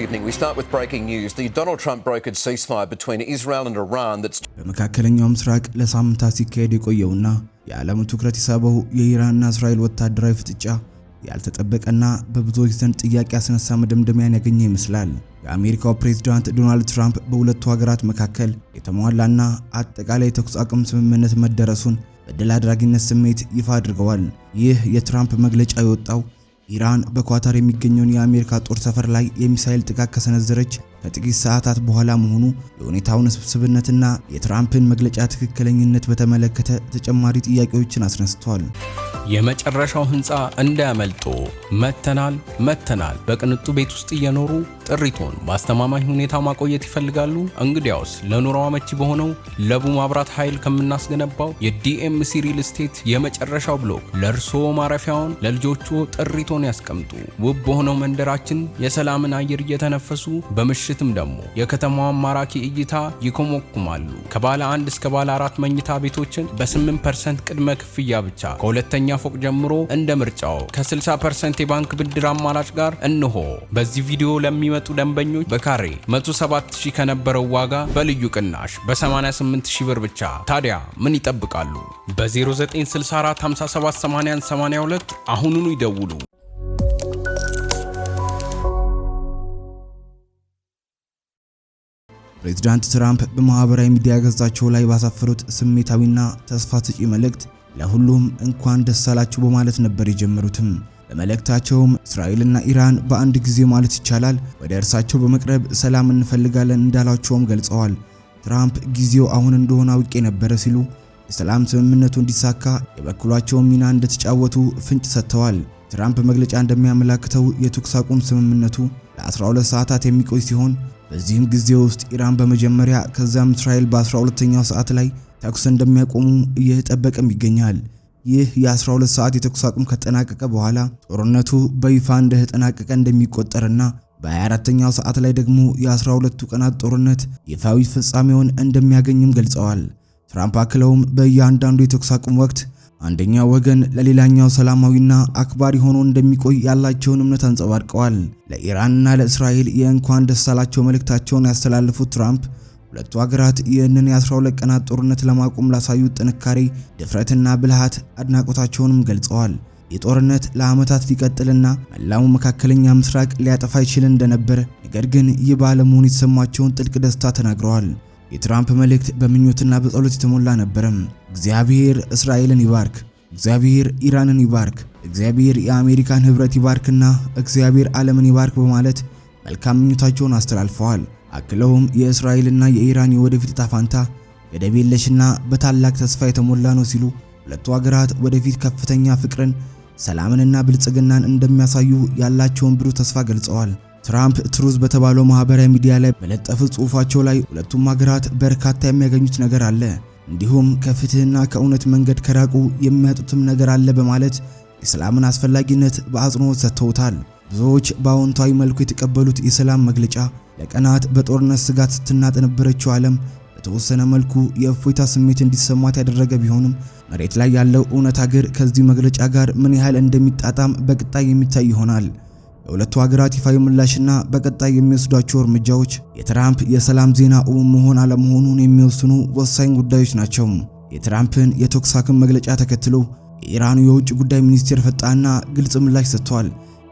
Evening. We start with breaking news. The Donald Trump brokered ceasefire between Israel and Iran that's በመካከለኛው ምስራቅ ለሳምንታት ሲካሄድ የቆየውና የዓለም ትኩረት የሳበው የኢራንና እስራኤል ወታደራዊ ፍጥጫ ያልተጠበቀና በብዙዎች ዘንድ ጥያቄ ያስነሳ መደምደሚያን ያገኘ ይመስላል። የአሜሪካው ፕሬዝዳንት ዶናልድ ትራምፕ በሁለቱ ሀገራት መካከል የተሟላና አጠቃላይ የተኩስ አቁም ስምምነት መደረሱን በድል አድራጊነት ስሜት ይፋ አድርገዋል። ይህ የትራምፕ መግለጫ የወጣው ኢራን በኳታር የሚገኘውን የአሜሪካ ጦር ሰፈር ላይ የሚሳኤል ጥቃት ከሰነዘረች ከጥቂት ሰዓታት በኋላ መሆኑ የሁኔታውን ስብስብነትና የትራምፕን መግለጫ ትክክለኝነት በተመለከተ ተጨማሪ ጥያቄዎችን አስነስተዋል። የመጨረሻው ህንፃ እንዳያመልጦ መተናል መተናል በቅንጡ ቤት ውስጥ እየኖሩ ጥሪቶን በአስተማማኝ ሁኔታ ማቆየት ይፈልጋሉ? እንግዲያውስ ለኑሮ አመቺ በሆነው ለቡ ማብራት ኃይል ከምናስገነባው የዲኤምሲ ሪል ስቴት የመጨረሻው ብሎክ ለእርስዎ ማረፊያውን ለልጆቹ ጥሪቶን ያስቀምጡ። ውብ በሆነው መንደራችን የሰላምን አየር እየተነፈሱ በምሽትም ደግሞ የከተማዋን ማራኪ እይታ ይኮመኩማሉ። ከባለ አንድ እስከ ባለ አራት መኝታ ቤቶችን በ8% ቅድመ ክፍያ ብቻ ከሁለተኛ ፎቅ ጀምሮ እንደ ምርጫው ከ60% የባንክ ብድር አማራጭ ጋር እንሆ በዚህ ቪዲዮ ለሚመ ለሚመጡ ደንበኞች በካሬ 170 ከነበረው ዋጋ በልዩ ቅናሽ በ88 ብር ብቻ። ታዲያ ምን ይጠብቃሉ? በ0964 578182 አሁኑኑ ይደውሉ። ፕሬዚዳንት ትራምፕ በማህበራዊ ሚዲያ ገጻቸው ላይ ባሳፈሩት ስሜታዊና ተስፋ ሰጪ መልእክት ለሁሉም እንኳን ደስ አላችሁ በማለት ነበር የጀመሩትም። በመልእክታቸውም እስራኤልና ኢራን በአንድ ጊዜ ማለት ይቻላል ወደ እርሳቸው በመቅረብ ሰላም እንፈልጋለን እንዳሏቸውም ገልጸዋል። ትራምፕ ጊዜው አሁን እንደሆነ አውቄ ነበረ ሲሉ የሰላም ስምምነቱ እንዲሳካ የበኩላቸውን ሚና እንደተጫወቱ ፍንጭ ሰጥተዋል። ትራምፕ መግለጫ እንደሚያመላክተው የተኩስ አቁም ስምምነቱ ለ12 ሰዓታት የሚቆይ ሲሆን በዚህም ጊዜ ውስጥ ኢራን በመጀመሪያ ከዚያም እስራኤል በ12ኛው ሰዓት ላይ ተኩስ እንደሚያቆሙ እየተጠበቀም ይገኛል። ይህ የ12 ሰዓት የተኩስ አቁም ከተጠናቀቀ በኋላ ጦርነቱ በይፋ እንደተጠናቀቀ እንደሚቆጠርና በ24ኛው ሰዓት ላይ ደግሞ የ12ቱ ቀናት ጦርነት ይፋዊ ፍጻሜውን እንደሚያገኝም ገልጸዋል። ትራምፕ አክለውም በእያንዳንዱ የተኩስ አቁም ወቅት አንደኛው ወገን ለሌላኛው ሰላማዊና አክባሪ ሆኖ እንደሚቆይ ያላቸውን እምነት አንጸባርቀዋል። ለኢራንና ለእስራኤል የእንኳን ደስ አላቸው መልእክታቸውን ያስተላለፉት ትራምፕ ሁለቱ ሀገራት ይህንን የ12 ቀናት ጦርነት ለማቆም ላሳዩት ጥንካሬ፣ ድፍረትና ብልሃት አድናቆታቸውንም ገልጸዋል። ይህ ጦርነት ለዓመታት ሊቀጥልና መላው መካከለኛ ምስራቅ ሊያጠፋ ይችል እንደነበር፣ ነገር ግን ይህ ባለመሆኑ የተሰማቸውን ጥልቅ ደስታ ተናግረዋል። የትራምፕ መልእክት በምኞትና በጸሎት የተሞላ ነበረም። እግዚአብሔር እስራኤልን ይባርክ፣ እግዚአብሔር ኢራንን ይባርክ፣ እግዚአብሔር የአሜሪካን ህብረት ይባርክና እግዚአብሔር ዓለምን ይባርክ በማለት መልካም ምኞታቸውን አስተላልፈዋል። አክለውም የእስራኤልና የኢራን የወደፊት ዕጣ ፈንታ ገደብ የለሽና በታላቅ ተስፋ የተሞላ ነው ሲሉ ሁለቱ ሀገራት ወደፊት ከፍተኛ ፍቅርን፣ ሰላምንና ብልጽግናን እንደሚያሳዩ ያላቸውን ብሩህ ተስፋ ገልጸዋል። ትራምፕ ትሩዝ በተባለው ማህበራዊ ሚዲያ ላይ በለጠፉ ጽሑፋቸው ላይ ሁለቱም አገራት በርካታ የሚያገኙት ነገር አለ፣ እንዲሁም ከፍትህና ከእውነት መንገድ ከራቁ የሚያጡትም ነገር አለ በማለት የሰላምን አስፈላጊነት በአጽንኦት ሰጥተውታል። ብዙዎች በአዎንታዊ መልኩ የተቀበሉት የሰላም መግለጫ ለቀናት በጦርነት ስጋት ስትናጥ የነበረችው ዓለም በተወሰነ መልኩ የእፎይታ ስሜት እንዲሰማት ያደረገ ቢሆንም መሬት ላይ ያለው እውነት አገር ከዚህ መግለጫ ጋር ምን ያህል እንደሚጣጣም በቀጣይ የሚታይ ይሆናል። የሁለቱ ሀገራት ይፋዊ ምላሽና በቀጣይ የሚወስዷቸው እርምጃዎች የትራምፕ የሰላም ዜና እውን መሆን አለመሆኑን የሚወስኑ ወሳኝ ጉዳዮች ናቸው። የትራምፕን የተኩስ አቁም መግለጫ ተከትሎ የኢራኑ የውጭ ጉዳይ ሚኒስቴር ፈጣንና ግልጽ ምላሽ ሰጥቷል።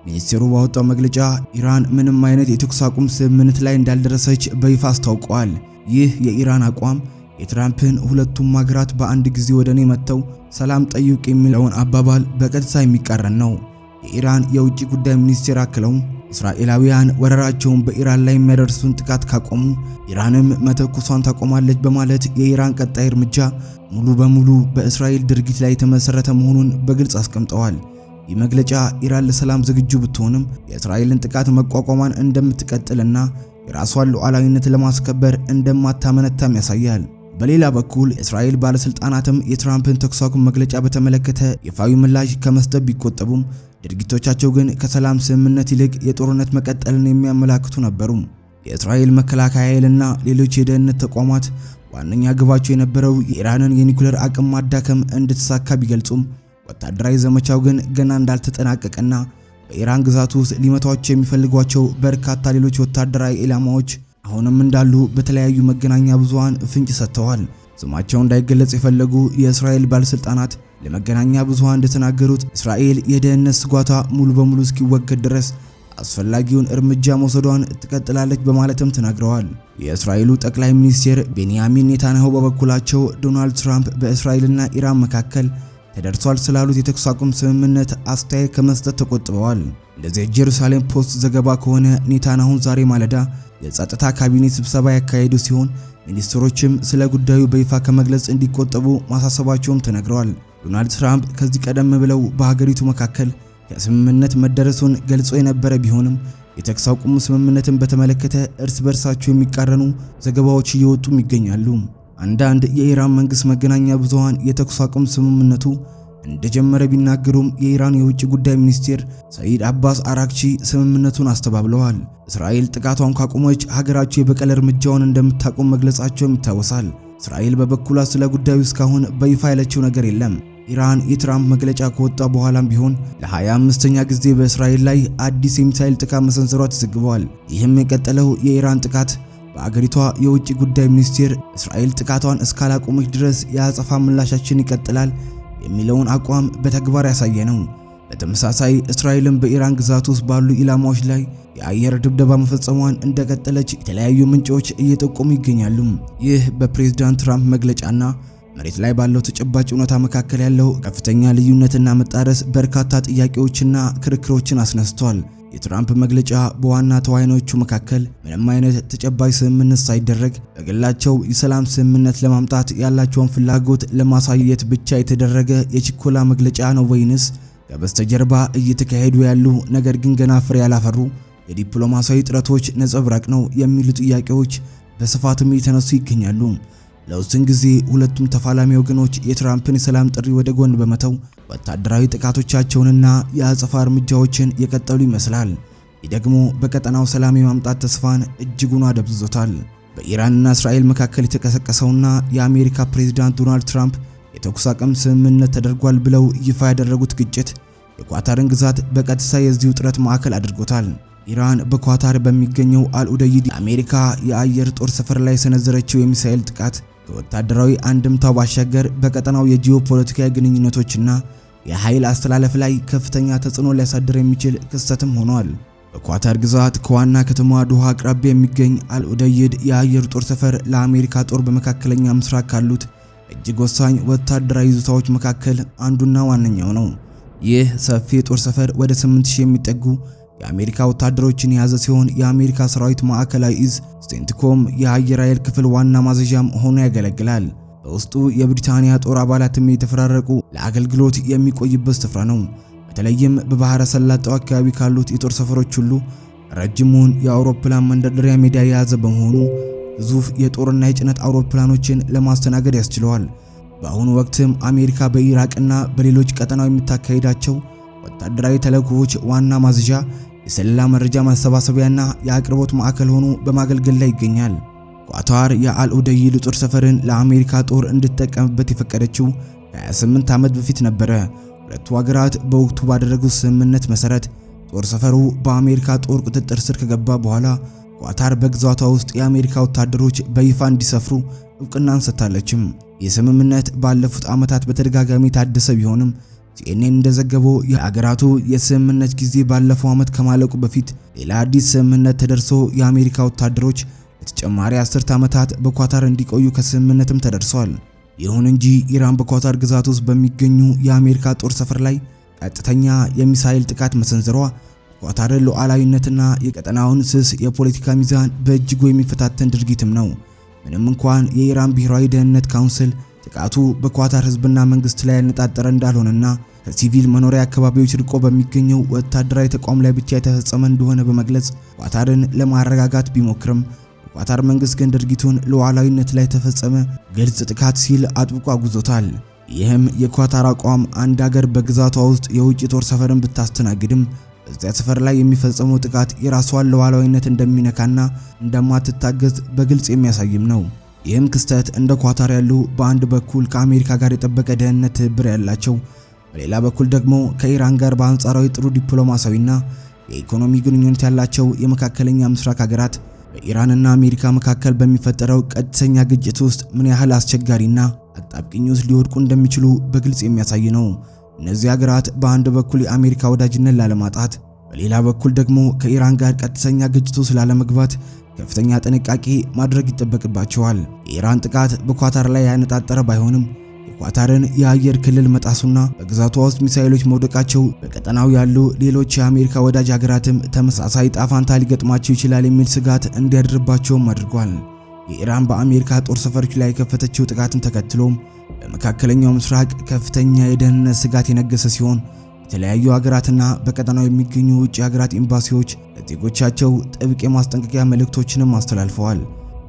ሚኒስቴሩ ባወጣው መግለጫ ኢራን ምንም አይነት የተኩስ አቁም ስምምነት ላይ እንዳልደረሰች በይፋ አስታውቋል። ይህ የኢራን አቋም የትራምፕን ሁለቱም ሀገራት በአንድ ጊዜ ወደ እኔ መጥተው ሰላም ጠይቅ የሚለውን አባባል በቀጥታ የሚቃረን ነው። የኢራን የውጭ ጉዳይ ሚኒስቴር አክለው እስራኤላውያን ወረራቸውን በኢራን ላይ የሚያደርሱን ጥቃት ካቆሙ ኢራንም መተኩሷን ታቆማለች በማለት የኢራን ቀጣይ እርምጃ ሙሉ በሙሉ በእስራኤል ድርጊት ላይ የተመሰረተ መሆኑን በግልጽ አስቀምጠዋል። ይህ መግለጫ ኢራን ለሰላም ዝግጁ ብትሆንም የእስራኤልን ጥቃት መቋቋሟን እንደምትቀጥልና የራሷን ሉዓላዊነት ለማስከበር እንደማታመነታም ያሳያል። በሌላ በኩል የእስራኤል ባለስልጣናትም የትራምፕን ተኩስ አቁም መግለጫ በተመለከተ ይፋዊ ምላሽ ከመስጠት ቢቆጠቡም ድርጊቶቻቸው ግን ከሰላም ስምምነት ይልቅ የጦርነት መቀጠልን የሚያመላክቱ ነበሩ። የእስራኤል መከላከያ ኃይልና ሌሎች የደህንነት ተቋማት ዋነኛ ግባቸው የነበረው የኢራንን የኒኩሌር አቅም ማዳከም እንድትሳካ ቢገልጹም ወታደራዊ ዘመቻው ግን ገና እንዳልተጠናቀቀና በኢራን ግዛት ውስጥ ሊመቷቸው የሚፈልጓቸው በርካታ ሌሎች ወታደራዊ ኢላማዎች አሁንም እንዳሉ በተለያዩ መገናኛ ብዙሃን ፍንጭ ሰጥተዋል። ስማቸው እንዳይገለጽ የፈለጉ የእስራኤል ባለስልጣናት ለመገናኛ ብዙሃን እንደተናገሩት እስራኤል የደህንነት ስጋቷ ሙሉ በሙሉ እስኪወገድ ድረስ አስፈላጊውን እርምጃ መውሰዷን ትቀጥላለች በማለትም ተናግረዋል። የእስራኤሉ ጠቅላይ ሚኒስትር ቤንያሚን ኔታንያሁ በበኩላቸው ዶናልድ ትራምፕ በእስራኤልና ኢራን መካከል ተደርሷል ስላሉት የተኩስ አቁም ስምምነት አስተያየት ከመስጠት ተቆጥበዋል። እንደዚህ የጀሩሳሌም ፖስት ዘገባ ከሆነ ኔታንያሁን ዛሬ ማለዳ የጸጥታ ካቢኔት ስብሰባ ያካሄዱ ሲሆን ሚኒስትሮችም ስለ ጉዳዩ በይፋ ከመግለጽ እንዲቆጠቡ ማሳሰባቸውም ተነግረዋል። ዶናልድ ትራምፕ ከዚህ ቀደም ብለው በሀገሪቱ መካከል ከስምምነት መደረሱን ገልጾ የነበረ ቢሆንም የተኩስ አቁሙ ስምምነትን በተመለከተ እርስ በርሳቸው የሚቃረኑ ዘገባዎች እየወጡም ይገኛሉ። አንዳንድ የኢራን መንግስት መገናኛ ብዙሃን የተኩስ አቁም ስምምነቱ እንደጀመረ ቢናገሩም የኢራን የውጭ ጉዳይ ሚኒስቴር ሰይድ አባስ አራክቺ ስምምነቱን አስተባብለዋል። እስራኤል ጥቃቷን ካቆመች ሀገራቸው የበቀል እርምጃውን እንደምታቆም መግለጻቸውም ይታወሳል። እስራኤል በበኩሏ ስለ ጉዳዩ እስካሁን በይፋ ያለችው ነገር የለም። ኢራን የትራምፕ መግለጫ ከወጣ በኋላም ቢሆን ለ25ኛ ጊዜ በእስራኤል ላይ አዲስ የሚሳኤል ጥቃት መሰንዘሯ ተዘግበዋል። ይህም የቀጠለው የኢራን ጥቃት በአገሪቷ የውጭ ጉዳይ ሚኒስቴር እስራኤል ጥቃቷን እስካላቆመች ድረስ የአጸፋ ምላሻችን ይቀጥላል የሚለውን አቋም በተግባር ያሳየ ነው። በተመሳሳይ እስራኤልም በኢራን ግዛት ውስጥ ባሉ ኢላማዎች ላይ የአየር ድብደባ መፈጸሟን እንደቀጠለች የተለያዩ ምንጮች እየጠቆሙ ይገኛሉ። ይህ በፕሬዝዳንት ትራምፕ መግለጫና መሬት ላይ ባለው ተጨባጭ እውነታ መካከል ያለው ከፍተኛ ልዩነትና መጣረስ በርካታ ጥያቄዎችና ክርክሮችን አስነስቷል። የትራምፕ መግለጫ በዋና ተዋናዮቹ መካከል ምንም አይነት ተጨባጭ ስምምነት ሳይደረግ በግላቸው የሰላም ስምምነት ለማምጣት ያላቸውን ፍላጎት ለማሳየት ብቻ የተደረገ የችኮላ መግለጫ ነው ወይንስ ከበስተጀርባ እየተካሄዱ ያሉ ነገር ግን ገና ፍሬ ያላፈሩ የዲፕሎማሲያዊ ጥረቶች ነጸብራቅ ነው የሚሉ ጥያቄዎች በስፋትም እየተነሱ ይገኛሉ። ለውስን ጊዜ ሁለቱም ተፋላሚ ወገኖች የትራምፕን የሰላም ጥሪ ወደ ጎን በመተው ወታደራዊ ጥቃቶቻቸውንና የአጸፋ እርምጃዎችን የቀጠሉ ይመስላል። ይህ ደግሞ በቀጠናው ሰላም የማምጣት ተስፋን እጅጉን አደብዝዞታል። በኢራንና እስራኤል መካከል የተቀሰቀሰውና የአሜሪካ ፕሬዝዳንት ዶናልድ ትራምፕ የተኩስ አቅም ስምምነት ተደርጓል ብለው ይፋ ያደረጉት ግጭት የኳታርን ግዛት በቀጥታ የዚህ ውጥረት ማዕከል አድርጎታል። ኢራን በኳታር በሚገኘው አልኡደይድ የአሜሪካ የአየር ጦር ሰፈር ላይ የሰነዘረችው የሚሳኤል ጥቃት ከወታደራዊ አንድምታው ባሻገር በቀጠናው የጂኦፖለቲካዊ ግንኙነቶችና የኃይል አስተላለፍ ላይ ከፍተኛ ተጽዕኖ ሊያሳድር የሚችል ክስተትም ሆኗል። በኳታር ግዛት ከዋና ከተማዋ ዶሃ አቅራቢያ የሚገኝ አልኡደይድ የአየር ጦር ሰፈር ለአሜሪካ ጦር በመካከለኛ ምስራቅ ካሉት እጅግ ወሳኝ ወታደራዊ ይዞታዎች መካከል አንዱና ዋነኛው ነው። ይህ ሰፊ የጦር ሰፈር ወደ 8000 የሚጠጉ የአሜሪካ ወታደሮችን የያዘ ሲሆን የአሜሪካ ሰራዊት ማዕከላዊ እዝ ሴንትኮም የአየር ኃይል ክፍል ዋና ማዘዣም ሆኖ ያገለግላል። በውስጡ የብሪታንያ ጦር አባላትም የተፈራረቁ ለአገልግሎት የሚቆይበት ስፍራ ነው። በተለይም በባህረ ሰላጣው አካባቢ ካሉት የጦር ሰፈሮች ሁሉ ረጅሙን የአውሮፕላን መንደርደሪያ ሜዳ የያዘ በመሆኑ ግዙፍ የጦርና የጭነት አውሮፕላኖችን ለማስተናገድ ያስችለዋል። በአሁኑ ወቅትም አሜሪካ በኢራቅና በሌሎች ቀጠናው የምታካሄዳቸው ወታደራዊ ተልዕኮዎች ዋና ማዝዣ፣ የሰለላ መረጃ ማሰባሰቢያና የአቅርቦት ማዕከል ሆኖ በማገልገል ላይ ይገኛል። ኳታር የአልኡደይል ጦር ሰፈርን ለአሜሪካ ጦር እንድትጠቀምበት የፈቀደችው ከ28 ዓመት በፊት ነበረ። ሁለቱ ሀገራት በወቅቱ ባደረጉት ስምምነት መሰረት ጦር ሰፈሩ በአሜሪካ ጦር ቁጥጥር ስር ከገባ በኋላ ኳታር በግዛቷ ውስጥ የአሜሪካ ወታደሮች በይፋ እንዲሰፍሩ እውቅናን ሰጥታለችም። ይህ ስምምነት ባለፉት ዓመታት በተደጋጋሚ ታደሰ ቢሆንም ሲኤንኤን እንደዘገበው የሀገራቱ የስምምነት ጊዜ ባለፈው ዓመት ከማለቁ በፊት ሌላ አዲስ ስምምነት ተደርሶ የአሜሪካ ወታደሮች በተጨማሪ አስርት ዓመታት በኳታር እንዲቆዩ ከስምምነትም ተደርሷል። ይሁን እንጂ ኢራን በኳታር ግዛት ውስጥ በሚገኙ የአሜሪካ ጦር ሰፈር ላይ ቀጥተኛ የሚሳኤል ጥቃት መሰንዘሯ የኳታርን ሉዓላዊነትና የቀጠናውን ስስ የፖለቲካ ሚዛን በእጅጉ የሚፈታተን ድርጊትም ነው። ምንም እንኳን የኢራን ብሔራዊ ደህንነት ካውንስል ጥቃቱ በኳታር ሕዝብና መንግስት ላይ ያነጣጠረ እንዳልሆነና ከሲቪል መኖሪያ አካባቢዎች ርቆ በሚገኘው ወታደራዊ ተቋም ላይ ብቻ የተፈጸመ እንደሆነ በመግለጽ ኳታርን ለማረጋጋት ቢሞክርም የኳታር መንግስት ግን ድርጊቱን ሉዓላዊነት ላይ የተፈጸመ ግልጽ ጥቃት ሲል አጥብቆ አጉዞታል። ይህም የኳታር አቋም አንድ ሀገር በግዛቷ ውስጥ የውጭ ጦር ሰፈርን ብታስተናግድም በዚያ ሰፈር ላይ የሚፈጸመው ጥቃት የራሷን ሉዓላዊነት እንደሚነካና እንደማትታገዝ በግልጽ የሚያሳይም ነው። ይህም ክስተት እንደ ኳታር ያሉ በአንድ በኩል ከአሜሪካ ጋር የጠበቀ ደህንነት ትብብር ያላቸው በሌላ በኩል ደግሞ ከኢራን ጋር በአንጻራዊ ጥሩ ዲፕሎማሲያዊና የኢኮኖሚ ግንኙነት ያላቸው የመካከለኛ ምስራቅ ሀገራት በኢራንና አሜሪካ መካከል በሚፈጠረው ቀጥተኛ ግጭት ውስጥ ምን ያህል አስቸጋሪና አጣብቂኝ ውስጥ ሊወድቁ እንደሚችሉ በግልጽ የሚያሳይ ነው። እነዚህ ሀገራት በአንድ በኩል የአሜሪካ ወዳጅነት ላለማጣት፣ በሌላ በኩል ደግሞ ከኢራን ጋር ቀጥተኛ ግጭት ውስጥ ላለመግባት ከፍተኛ ጥንቃቄ ማድረግ ይጠበቅባቸዋል። የኢራን ጥቃት በኳታር ላይ ያነጣጠረ ባይሆንም ኳታርን የአየር ክልል መጣሱና በግዛቷ ውስጥ ሚሳኤሎች መውደቃቸው በቀጠናው ያሉ ሌሎች የአሜሪካ ወዳጅ ሀገራትም ተመሳሳይ ጣፋንታ ሊገጥማቸው ይችላል የሚል ስጋት እንዲያድርባቸውም አድርጓል። የኢራን በአሜሪካ ጦር ሰፈሮች ላይ የከፈተችው ጥቃትን ተከትሎም በመካከለኛው ምስራቅ ከፍተኛ የደህንነት ስጋት የነገሰ ሲሆን የተለያዩ ሀገራትና በቀጠናው የሚገኙ ውጭ ሀገራት ኤምባሲዎች ለዜጎቻቸው ጥብቅ የማስጠንቀቂያ መልእክቶችንም አስተላልፈዋል።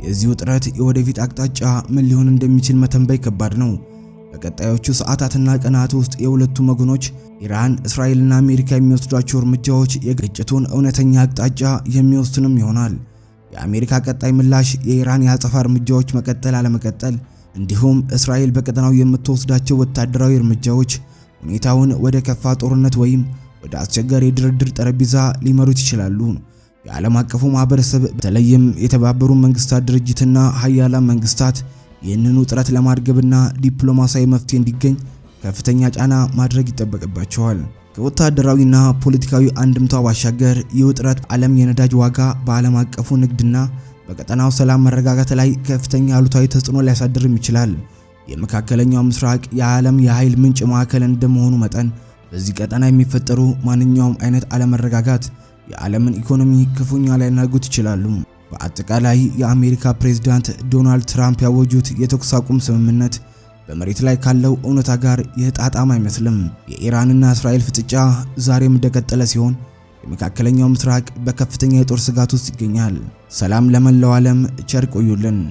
የዚህ ውጥረት የወደፊት አቅጣጫ ምን ሊሆን እንደሚችል መተንበይ ከባድ ነው። በቀጣዮቹ ሰዓታትና ቀናት ውስጥ የሁለቱ ወገኖች ኢራን፣ እስራኤልና አሜሪካ የሚወስዷቸው እርምጃዎች የግጭቱን እውነተኛ አቅጣጫ የሚወስንም ይሆናል። የአሜሪካ ቀጣይ ምላሽ፣ የኢራን የአጸፋ እርምጃዎች መቀጠል አለመቀጠል፣ እንዲሁም እስራኤል በቀጠናው የምትወስዳቸው ወታደራዊ እርምጃዎች ሁኔታውን ወደ ከፋ ጦርነት ወይም ወደ አስቸጋሪ የድርድር ጠረጴዛ ሊመሩት ይችላሉ። የዓለም አቀፉ ማህበረሰብ በተለይም የተባበሩ መንግስታት ድርጅትና ሀያላን መንግስታት ይህንኑ ጥረት ለማርገብና ዲፕሎማሲያዊ መፍትሄ እንዲገኝ ከፍተኛ ጫና ማድረግ ይጠበቅባቸዋል። ከወታደራዊና ፖለቲካዊ አንድምታው ባሻገር ይህ ውጥረት ዓለም የነዳጅ ዋጋ በዓለም አቀፉ ንግድና በቀጠናው ሰላም መረጋጋት ላይ ከፍተኛ አሉታዊ ተጽዕኖ ሊያሳድርም ይችላል። የመካከለኛው ምስራቅ የዓለም የኃይል ምንጭ ማዕከል እንደመሆኑ መጠን በዚህ ቀጠና የሚፈጠሩ ማንኛውም አይነት አለመረጋጋት የዓለምን ኢኮኖሚ ክፉኛ ሊያናጉት ይችላሉ። በአጠቃላይ የአሜሪካ ፕሬዝዳንት ዶናልድ ትራምፕ ያወጁት የተኩስ አቁም ስምምነት በመሬት ላይ ካለው እውነታ ጋር የተጣጣም አይመስልም። የኢራንና እስራኤል ፍጥጫ ዛሬም እንደቀጠለ ሲሆን የመካከለኛው ምስራቅ በከፍተኛ የጦር ስጋት ውስጥ ይገኛል። ሰላም ለመላው ዓለም፣ ቸር ቆዩልን።